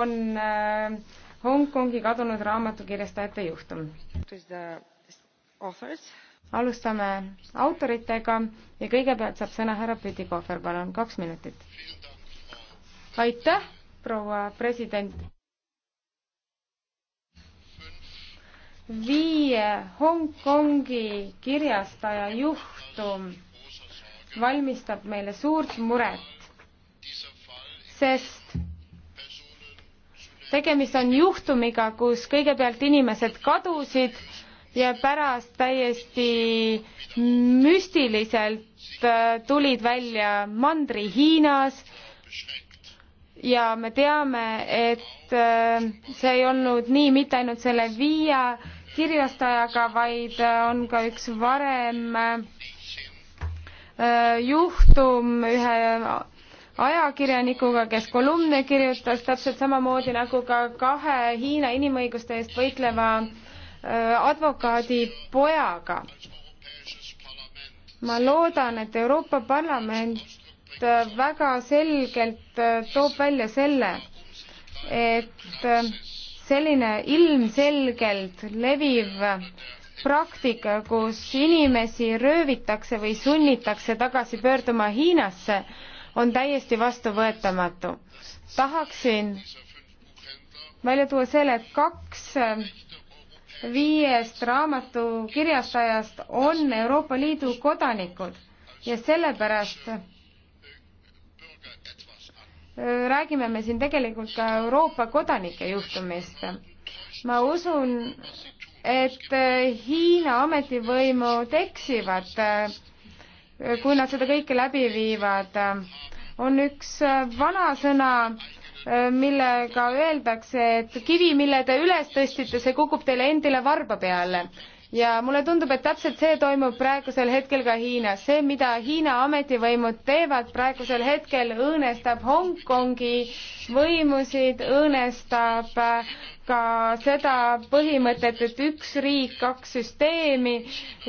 on äh, Hongkongi kadunud raamatukirjastajate juhtum. alustame autoritega ja kõigepealt saab sõna härra Pütikohver, palun, kaks minutit. aitäh, proua president. viie Hongkongi kirjastaja juhtum valmistab meile suurt muret, sest tegemist on juhtumiga, kus kõigepealt inimesed kadusid ja pärast täiesti müstiliselt äh, tulid välja Mandri-Hiinas ja me teame, et äh, see ei olnud nii mitte ainult selle viia kirjastajaga, vaid äh, on ka üks varem juhtum ühe ajakirjanikuga, kes kolumne kirjutas, täpselt samamoodi nagu ka kahe Hiina inimõiguste eest võitleva äh, advokaadi pojaga. ma loodan, et Euroopa Parlament äh, väga selgelt äh, toob välja selle, et selline ilmselgelt leviv praktika, kus inimesi röövitakse või sunnitakse tagasi pöörduma Hiinasse, on täiesti vastuvõetamatu. tahaksin välja tuua selle, et kaks äh, viiest raamatukirjastajast on Euroopa Liidu kodanikud ja sellepärast äh, räägime me siin tegelikult ka Euroopa kodanike juhtumist. ma usun, et äh, Hiina ametivõimud eksivad kui nad seda kõike läbi viivad. on üks vanasõna, millega öeldakse, et kivi, mille te üles tõstsite, see kukub teile endile varba peale ja mulle tundub, et täpselt see toimub praegusel hetkel ka Hiinas. see, mida Hiina ametivõimud teevad praegusel hetkel, õõnestab Hongkongi võimusid, õõnestab äh, ka seda põhimõtet, et üks riik, kaks süsteemi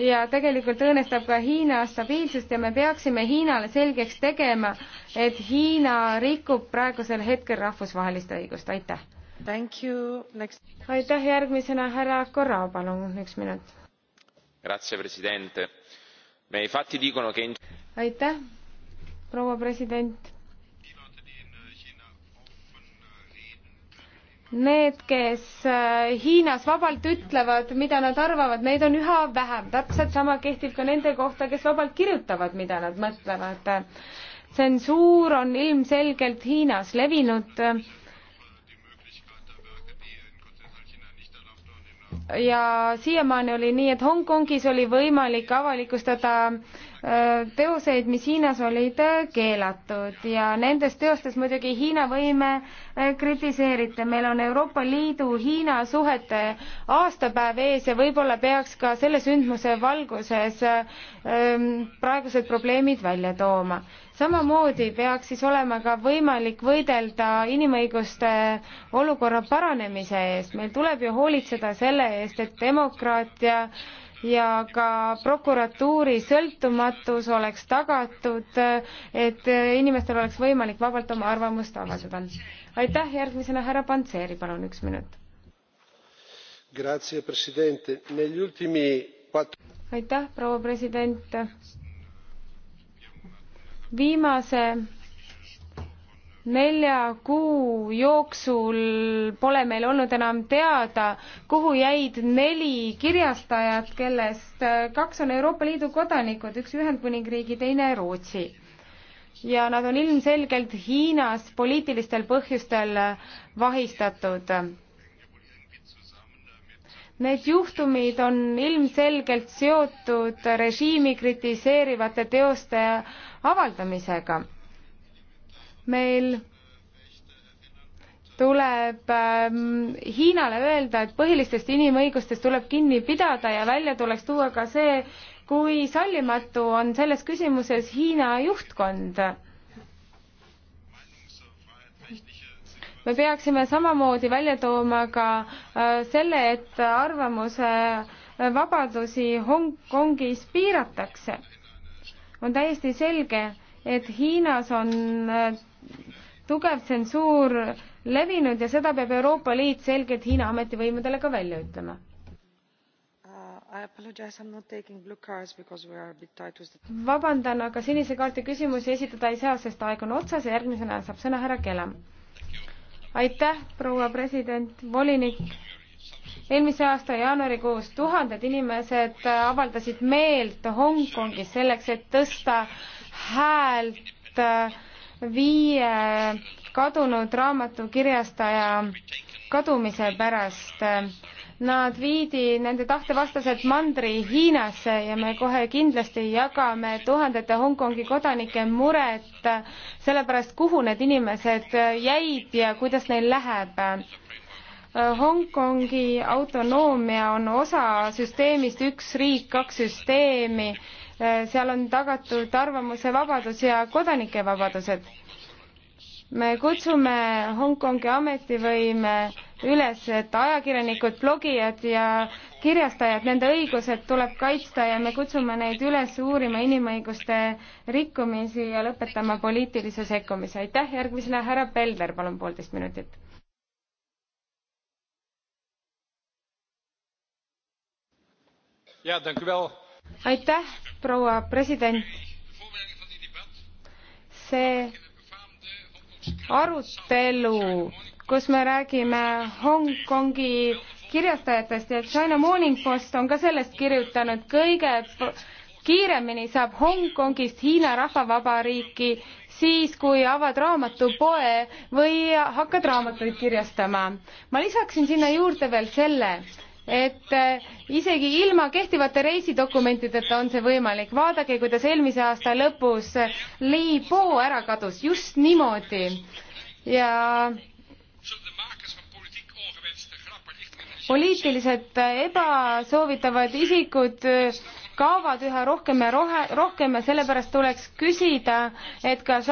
ja tegelikult õõnestab ka Hiina stabiilsust ja me peaksime Hiinale selgeks tegema, et Hiina rikub praegusel hetkel rahvusvahelist õigust. aitäh! aitäh, järgmisena härra Korra, palun üks minut. aitäh, proua president. Need, kes äh, Hiinas vabalt ütlevad, mida nad arvavad, neid on üha vähem, täpselt sama kehtib ka nende kohta, kes vabalt kirjutavad, mida nad mõtlevad. tsensuur on ilmselgelt Hiinas levinud ja siiamaani oli nii, et Hongkongis oli võimalik avalikustada äh, teoseid, mis Hiinas olid äh, keelatud ja nendes teostes muidugi Hiina võime äh, kritiseerida. meil on Euroopa Liidu-Hiina suhete aastapäev ees ja võib-olla peaks ka selle sündmuse valguses ähm, praegused probleemid välja tooma samamoodi peaks siis olema ka võimalik võidelda inimõiguste olukorra paranemise eest. meil tuleb ju hoolitseda selle eest, et demokraatia ja ka prokuratuuri sõltumatus oleks tagatud, et inimestel oleks võimalik vabalt oma arvamust avaldada. aitäh, järgmisena härra Pantseri, palun üks minut. aitäh, proua president viimase nelja kuu jooksul pole meil olnud enam teada, kuhu jäid neli kirjastajat, kellest kaks on Euroopa Liidu kodanikud, üks Ühendkuningriigi, teine Rootsi. ja nad on ilmselgelt Hiinas poliitilistel põhjustel vahistatud. Need juhtumid on ilmselgelt seotud režiimi kritiseerivate teoste avaldamisega. meil tuleb ähm, Hiinale öelda, et põhilistest inimõigustest tuleb kinni pidada ja välja tuleks tuua ka see, kui sallimatu on selles küsimuses Hiina juhtkond. me peaksime samamoodi välja tooma ka äh, selle, et arvamuse äh, vabadusi Hongkongis piiratakse on täiesti selge, et Hiinas on äh, tugev tsensuur levinud ja seda peab Euroopa Liit selgelt Hiina ametivõimudele ka välja ütlema. Uh, vabandan, aga sinise kaarti küsimusi esitada ei saa, sest aeg on otsas ja järgmisena saab sõna härra Kelam. aitäh, proua president, volinik eelmise aasta jaanuarikuus tuhanded inimesed avaldasid meelt Hongkongis selleks, et tõsta häält viie kadunud raamatukirjastaja kadumise pärast. Nad viidi nende tahte vastaselt mandri Hiinasse ja me kohe kindlasti jagame tuhandete Hongkongi kodanike muret selle pärast, kuhu need inimesed jäid ja kuidas neil läheb Äh, Hongkongi autonoomia on osa süsteemist üks riik, kaks süsteemi, äh, seal on tagatud arvamuse vabadus ja kodanike vabadused. me kutsume Hongkongi ametivõime üles, et ajakirjanikud, blogijad ja kirjastajad, nende õigused tuleb kaitsta ja me kutsume neid üles uurima inimõiguste rikkumisi ja lõpetama poliitilise sekkumise. aitäh, järgmisena härra Pelder, palun poolteist minutit aitäh, proua president. see arutelu, kus me räägime Hongkongi kirjutajatest ja China Morning Post on ka sellest kirjutanud, kõige kiiremini saab Hongkongist Hiina Rahvavabariiki siis, kui avad raamatupoe või hakkad raamatuid kirjastama. ma lisaksin sinna juurde veel selle, et eh, isegi ilma kehtivate reisidokumentideta on see võimalik. vaadake, kuidas eelmise aasta lõpus Li Po ära kadus, just niimoodi. ja poliitiliselt eh, ebasoovitavad isikud eh, kaovad üha rohkem ja rohe, rohkem ja sellepärast tuleks küsida, et kas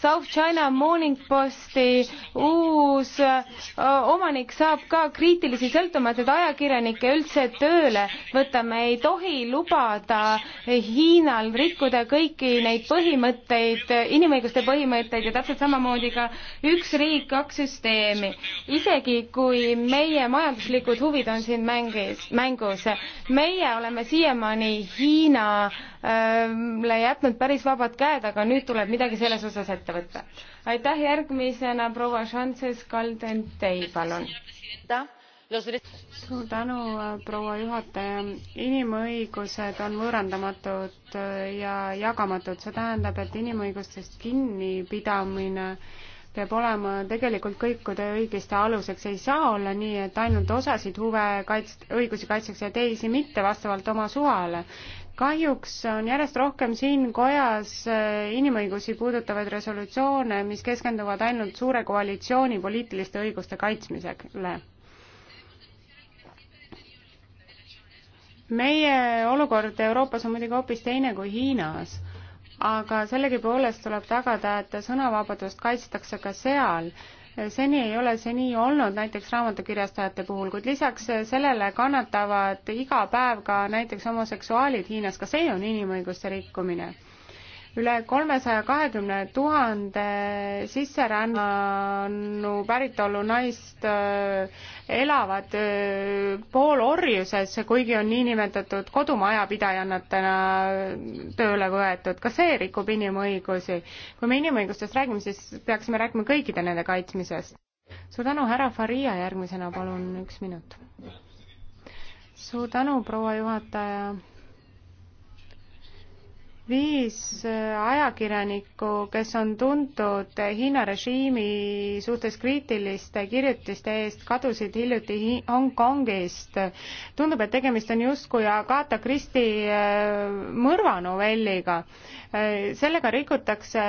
South China Morning Posti uus äh, omanik saab ka kriitilisi sõltumatuid ajakirjanikke üldse tööle võtta. me ei tohi lubada Hiinal rikkuda kõiki neid põhimõtteid, inimõiguste põhimõtteid ja täpselt samamoodi ka üks riik, kaks süsteemi. isegi kui meie majanduslikud huvid on siin mängis, mängus, meie oleme siiamaani Hiina jätnud päris vabad käed, aga nüüd tuleb midagi selles osas ette võtta. aitäh, järgmisena proua Šanses Kaldentei, palun. suur tänu, proua juhataja. inimõigused on võõrandamatud ja jagamatud, see tähendab, et inimõigustest kinnipidamine peab olema tegelikult kõikide õigeste aluseks, ei saa olla nii, et ainult osasid huve kaitst-, õigusi kaitstakse ja teisi mitte vastavalt oma suvale kahjuks on järjest rohkem siin kojas äh, inimõigusi puudutavaid resolutsioone, mis keskenduvad ainult suure koalitsiooni poliitiliste õiguste kaitsmisele. meie olukord Euroopas on muidugi hoopis teine kui Hiinas, aga sellegipoolest tuleb tagada, et sõnavabadust kaitstakse ka seal seni ei ole see nii olnud näiteks raamatukirjastajate puhul, kuid lisaks sellele kannatavad iga päev ka näiteks homoseksuaalid Hiinas, ka see on inimõiguste rikkumine üle kolmesaja kahekümne tuhande sisserännanu päritolu naist äh, elavad äh, poolorjuses, kuigi on niinimetatud kodumajapidajannatena äh, tööle võetud. ka see rikub inimõigusi. kui me inimõigustest räägime, siis peaksime rääkima kõikide nende kaitsmisest. suur tänu, härra Faria, järgmisena palun üks minut. suur tänu, proua juhataja viis äh, ajakirjanikku, kes on tuntud Hiina režiimi suhtes kriitiliste kirjutiste eest, kadusid hiljuti Hongkongist. tundub, et tegemist on justkui Agatha Christie äh, mõrvanovelliga. Äh, sellega rikutakse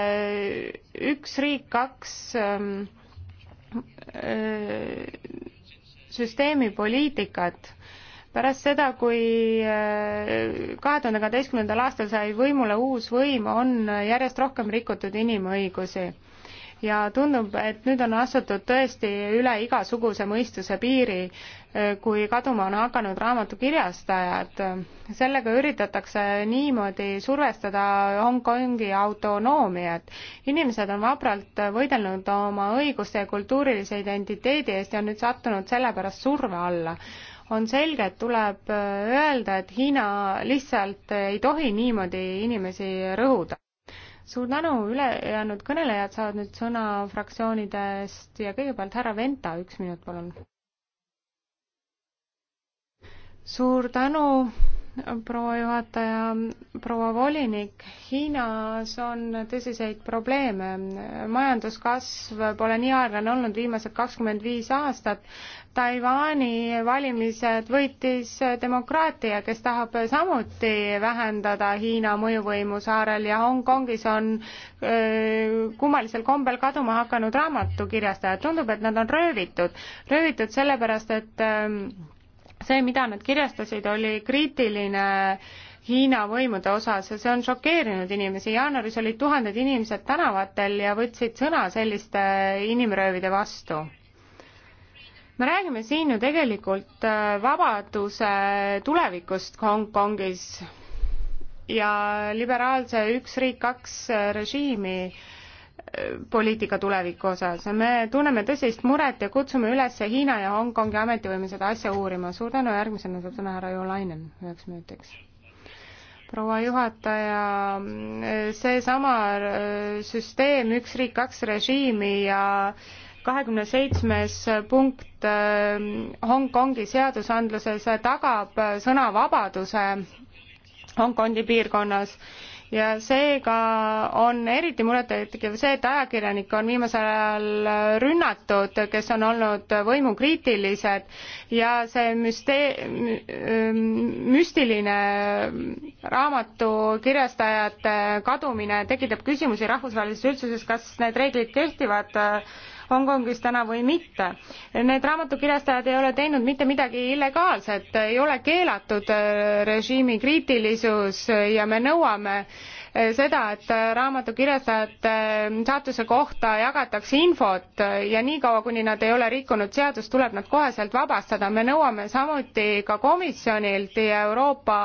üks riik, kaks ähm, süsteemi poliitikat pärast seda, kui kahe tuhande kaheteistkümnendal aastal sai võimule uus võim, on järjest rohkem rikutud inimõigusi. ja tundub, et nüüd on astutud tõesti üle igasuguse mõistuse piiri, kui kaduma on hakanud raamatukirjastajad. sellega üritatakse niimoodi survestada Hongkongi autonoomiat. inimesed on vapralt võidelnud oma õiguste ja kultuurilise identiteedi eest ja on nüüd sattunud sellepärast surve alla on selge, et tuleb äh, öelda, et Hiina lihtsalt ei tohi niimoodi inimesi rõhuda. suur tänu, ülejäänud kõnelejad saavad nüüd sõna fraktsioonidest ja kõigepealt härra Venta, üks minut palun. suur tänu proua juhataja, proua volinik, Hiinas on tõsiseid probleeme. majanduskasv pole nii aeglane olnud viimased kakskümmend viis aastat. Taiwan'i valimised võitis demokraatia, kes tahab samuti vähendada Hiina mõjuvõimu saarel ja Hongkongis on öö, kummalisel kombel kaduma hakanud raamatukirjastajad. tundub, et nad on röövitud. röövitud sellepärast, et öö, see, mida nad kirjastasid, oli kriitiline Hiina võimude osas ja see on šokeerinud inimesi. jaanuaris olid tuhanded inimesed tänavatel ja võtsid sõna selliste inimröövide vastu. me räägime siin ju tegelikult äh, vabaduse tulevikust Hongkongis ja liberaalse üks riik, kaks äh, režiimi poliitika tuleviku osas. me tunneme tõsist muret ja kutsume üles Hiina ja Hongkongi ametivõime seda asja uurima. suur tänu, järgmisena saab sõna härra Jolainen üheks minutiks. proua juhataja, seesama äh, süsteem, üks riik, kaks režiimi ja kahekümne seitsmes punkt äh, Hongkongi seadusandluses tagab sõnavabaduse Hongkongi piirkonnas ja seega on eriti murettekitav see, et ajakirjanikke on viimasel ajal rünnatud, kes on olnud võimukriitilised ja see müste-, müstiline raamatukirjastajate kadumine tekitab küsimusi rahvusvahelises üldsuses, kas need reeglid kehtivad Hongkongis täna või mitte. Need raamatukirjastajad ei ole teinud mitte midagi illegaalset, ei ole keelatud äh, režiimi kriitilisus ja me nõuame äh, seda, et äh, raamatukirjastajate saatuse kohta jagatakse infot ja niikaua, kuni nad ei ole rikkunud seadust, tuleb nad koheselt vabastada. me nõuame samuti ka komisjonilt ja Euroopa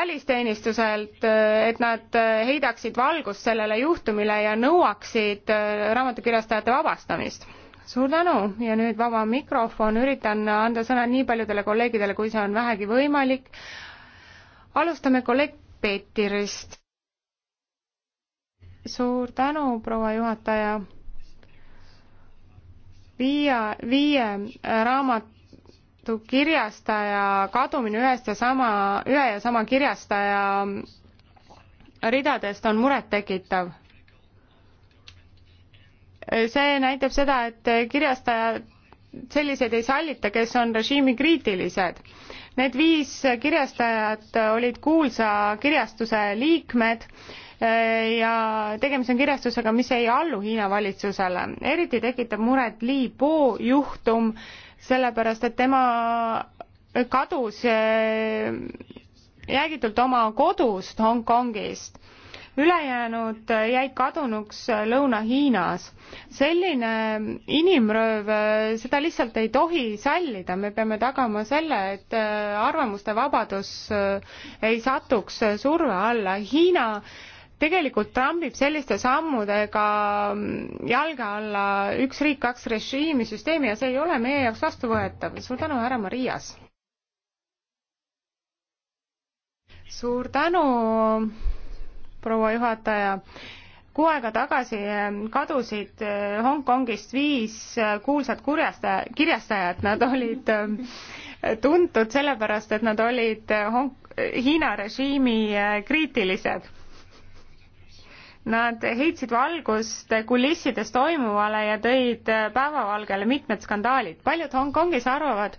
välisteenistuselt, et nad heidaksid valgust sellele juhtumile ja nõuaksid äh, raamatukirjastajate vabastamist. suur tänu ja nüüd vaba mikrofon, üritan anda sõna nii paljudele kolleegidele, kui see on vähegi võimalik. alustame kolleeg Peeterist. suur tänu, proua juhataja viie, viie raamat raamatu kirjastaja kadumine ühest ja sama, ühe ja sama kirjastaja ridadest on murettekitav. see näitab seda, et kirjastajad, selliseid ei sallita, kes on režiimi kriitilised. Need viis kirjastajat olid kuulsa kirjastuse liikmed eh, ja tegemist on kirjastusega, mis ei allu Hiina valitsusele. eriti tekitab muret Li Po juhtum, sellepärast et tema kadus eh, jäägitult oma kodust Hongkongist ülejäänud jäid kadunuks Lõuna-Hiinas. selline inimrööv, eh, seda lihtsalt ei tohi sallida, me peame tagama selle, et eh, arvamuste vabadus ei satuks surve alla. Hiina tegelikult trambib selliste sammudega jalge alla üks riik, kaks režiimi süsteemi ja see ei ole meie jaoks vastuvõetav. suur tänu, härra Marias! suur tänu, proua juhataja! kuu aega tagasi kadusid Hongkongist viis kuulsat kurjastaja, kirjastajat, nad olid äh, tuntud sellepärast, et nad olid Hong-, Hiina režiimi kriitilised Nad heitsid valgust kulissides toimuvale ja tõid päevavalgele mitmed skandaalid. paljud Hongkongis arvavad,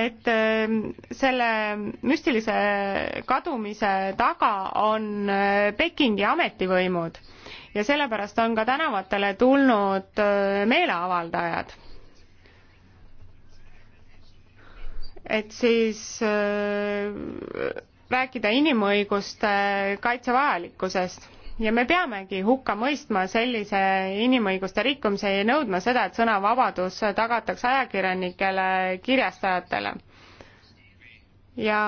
et ähm, selle müstilise kadumise taga on äh, Pekingi ametivõimud ja sellepärast on ka tänavatele tulnud äh, meeleavaldajad. et siis äh, rääkida inimõiguste kaitse vajalikkusest ja me peamegi hukka mõistma sellise inimõiguste rikkumise ja nõudma seda, et sõnavabadus tagatakse ajakirjanikele, kirjastajatele. ja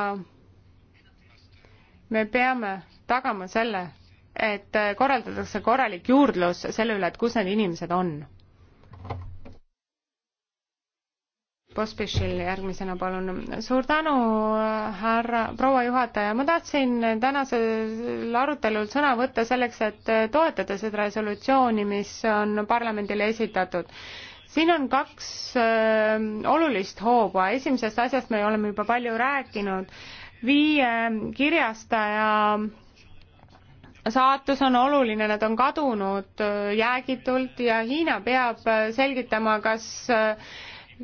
me peame tagama selle, et korraldatakse korralik juurdlus selle üle, et kus need inimesed on Pospešil järgmisena, palun. suur tänu, härra, proua juhataja, ma tahtsin tänasel arutelul sõna võtta selleks, et toetada seda resolutsiooni, mis on parlamendile esitatud. siin on kaks äh, olulist hoobu, esimesest asjast me oleme juba palju rääkinud, viie kirjastaja saatus on oluline, nad on kadunud äh, jäägitult ja Hiina peab äh, selgitama, kas äh,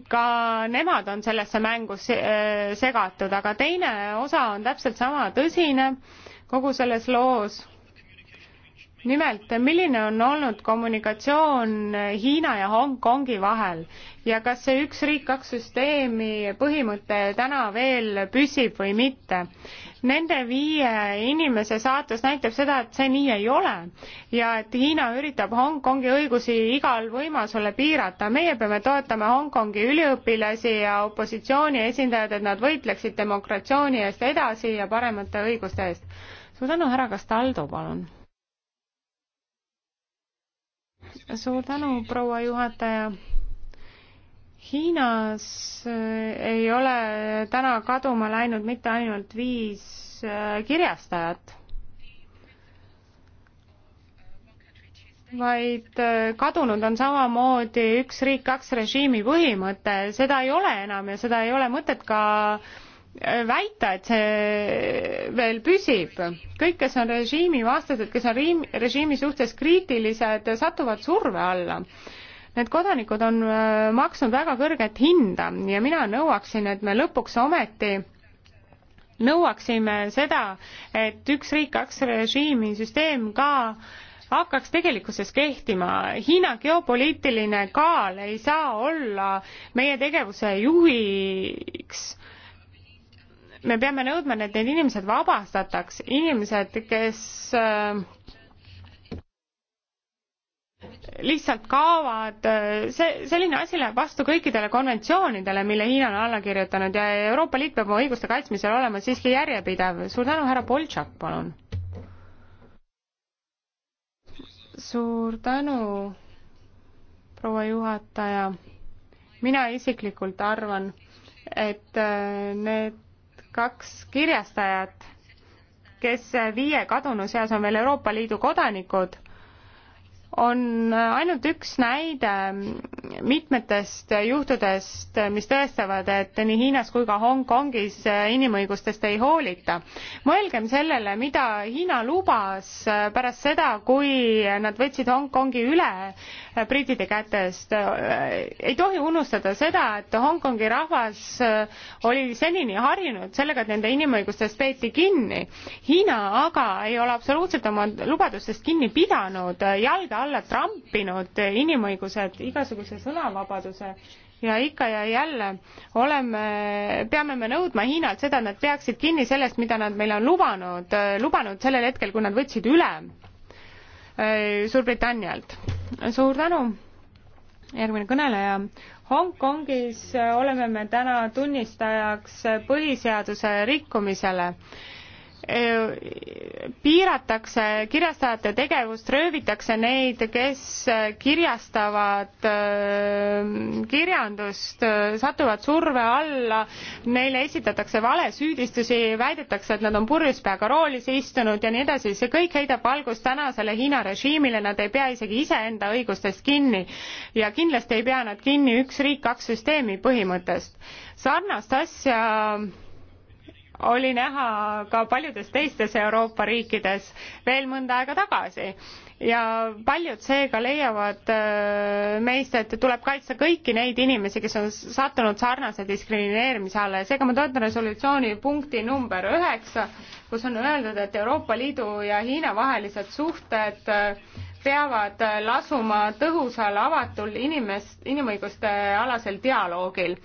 ka nemad on sellesse mängu äh, segatud, aga teine osa on täpselt sama tõsine kogu selles loos nimelt, milline on olnud kommunikatsioon Hiina ja Hongkongi vahel ja kas see üks riik, kaks süsteemi põhimõte täna veel püsib või mitte? Nende viie inimese saatus näitab seda, et see nii ei ole ja et Hiina üritab Hongkongi õigusi igal võimalusele piirata. meie peame toetama Hongkongi üliõpilasi ja opositsiooni esindajad, et nad võitleksid demokratsiooni eest edasi ja paremate õiguste eest. suur tänu, härra Castaldo, palun suur tänu, proua juhataja. Hiinas äh, ei ole täna kaduma läinud mitte ainult viis äh, kirjastajat, vaid äh, kadunud on samamoodi üks riik, kaks režiimi põhimõte, seda ei ole enam ja seda ei ole mõtet ka äh, väita, et see veel püsib. kõik, kes on režiimi vastased, kes on riim, režiimi suhtes kriitilised, satuvad surve alla. Need kodanikud on äh, maksnud väga kõrget hinda ja mina nõuaksin, et me lõpuks ometi nõuaksime seda, et üks riik, kaks režiimi süsteem ka hakkaks tegelikkuses kehtima. Hiina geopoliitiline kaal ei saa olla meie tegevuse juhiks me peame nõudma, et need inimesed vabastataks, inimesed, kes äh, lihtsalt kaovad, äh, see, selline asi läheb vastu kõikidele konventsioonidele, mille Hiina on alla kirjutanud ja Euroopa Liit peab oma õiguste kaitsmisel olema siiski järjepidev. suur tänu, härra Boltšak, palun. suur tänu, proua juhataja. mina isiklikult arvan, et äh, need kaks kirjastajat, kes viie kadunu seas on veel Euroopa Liidu kodanikud on ainult üks näide mitmetest juhtudest, mis tõestavad, et nii Hiinas kui ka Hongkongis inimõigustest ei hoolita. mõelgem sellele, mida Hiina lubas pärast seda, kui nad võtsid Hongkongi üle brittide kätest. ei tohi unustada seda, et Hongkongi rahvas oli senini harjunud sellega, et nende inimõigustest peeti kinni. Hiina aga ei ole absoluutselt oma lubadustest kinni pidanud, jalge alla alla trampinud inimõigused, igasuguse sõnavabaduse ja ikka ja jälle oleme, peame me nõudma Hiinalt seda, et nad peaksid kinni sellest, mida nad meile on lubanud, lubanud sellel hetkel, kui nad võtsid üle äh, Suurbritannialt. suur tänu, järgmine kõneleja. Hongkongis oleme me täna tunnistajaks põhiseaduse rikkumisele Äh, piiratakse kirjastajate tegevust, röövitakse neid, kes kirjastavad äh, kirjandust, satuvad surve alla, neile esitatakse valesüüdistusi, väidetakse, et nad on purjus peaga roolis istunud ja nii edasi, see kõik heidab valgust tänasele Hiina režiimile, nad ei pea isegi iseenda õigustest kinni ja kindlasti ei pea nad kinni üks riik, kaks süsteemi põhimõttest. sarnast asja oli näha ka paljudes teistes Euroopa riikides veel mõnda aega tagasi ja paljud seega leiavad äh, meist, et tuleb kaitsta kõiki neid inimesi, kes on sattunud sarnase diskrimineerimise alla ja seega ma toetan resolutsiooni punkti number üheksa, kus on öeldud, et Euroopa Liidu ja Hiina vahelised suhted äh, peavad lasuma tõhusal, avatul inimest, inimõiguste alasel dialoogil.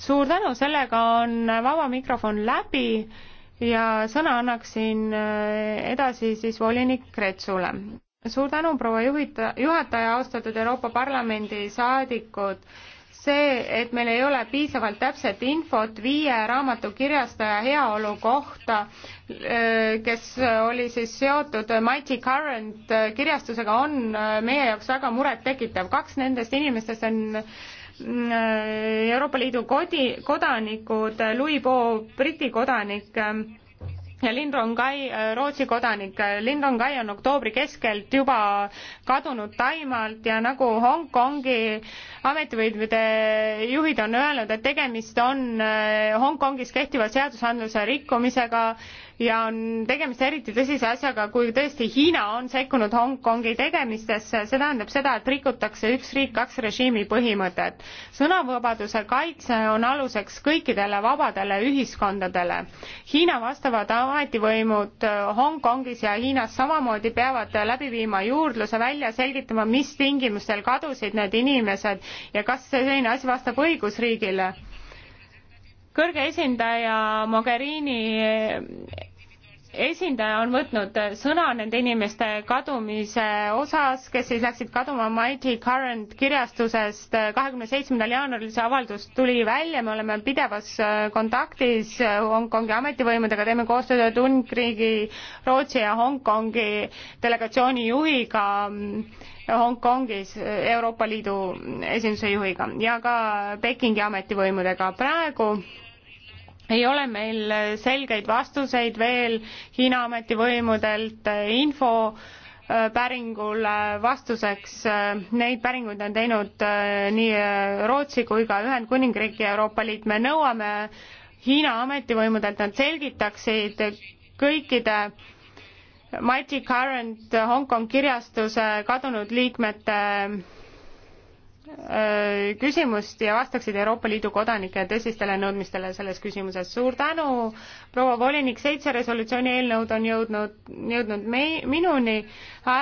suur tänu, sellega on vaba mikrofon läbi ja sõna annaksin äh, edasi siis volinik Kretsule. suur tänu, proua juhita-, juhataja, austatud Euroopa Parlamendi saadikud see, et meil ei ole piisavalt täpset infot viie raamatukirjastaja heaolu kohta, äh, kes oli siis seotud Mighty Current kirjastusega, on äh, meie jaoks väga murettekitav. kaks nendest inimestest on mm, äh, Euroopa Liidu kodi, kodanikud, Louis Bo Briti kodanik ähm, ja Linn Rongai, äh, Rootsi kodanik. Linn Rongai on oktoobri keskelt juba kadunud Taimaalt ja nagu Hongkongi ametivõimude juhid on öelnud, et tegemist on äh, Hongkongis kehtiva seadusandluse rikkumisega ja on tegemist eriti tõsise asjaga, kui tõesti Hiina on sekkunud Hongkongi tegemistesse, see tähendab seda, et rikutakse üks riik, kaks režiimi põhimõtet. sõnavabaduse kaitse on aluseks kõikidele vabadele ühiskondadele Hiina vastavad ametivõimud äh, Hongkongis ja Hiinas samamoodi peavad äh, läbi viima juurdluse, välja selgitama, mis tingimustel kadusid need inimesed ja kas selline asi vastab õigusriigile. kõrge esindaja Mogherini esindaja on võtnud sõna nende inimeste kadumise osas, kes siis läksid kaduma Mighty Current kirjastusest. kahekümne seitsmendal jaanuaril see avaldus tuli välja, me oleme pidevas äh, kontaktis äh, Hongkongi ametivõimudega, teeme koostööd Ungriigi, Rootsi ja Hongkongi delegatsiooni juhiga mm, Hongkongis äh, Euroopa Liidu esinduse juhiga ja ka Pekingi ametivõimudega. praegu ei ole meil selgeid vastuseid veel Hiina ametivõimudelt info äh, päringule vastuseks. Äh, neid päringuid on teinud äh, nii Rootsi kui ka Ühendkuningriik ja Euroopa Liit. me nõuame Hiina ametivõimudelt, nad selgitaksid kõikide Mighty Current Hongkong kirjastuse kadunud liikmete Äh, küsimust ja vastaksid Euroopa Liidu kodanike tõsistele nõudmistele selles küsimuses. suur tänu, proua volinik, seitse resolutsiooni eelnõud on jõudnud, jõudnud mei-, minuni.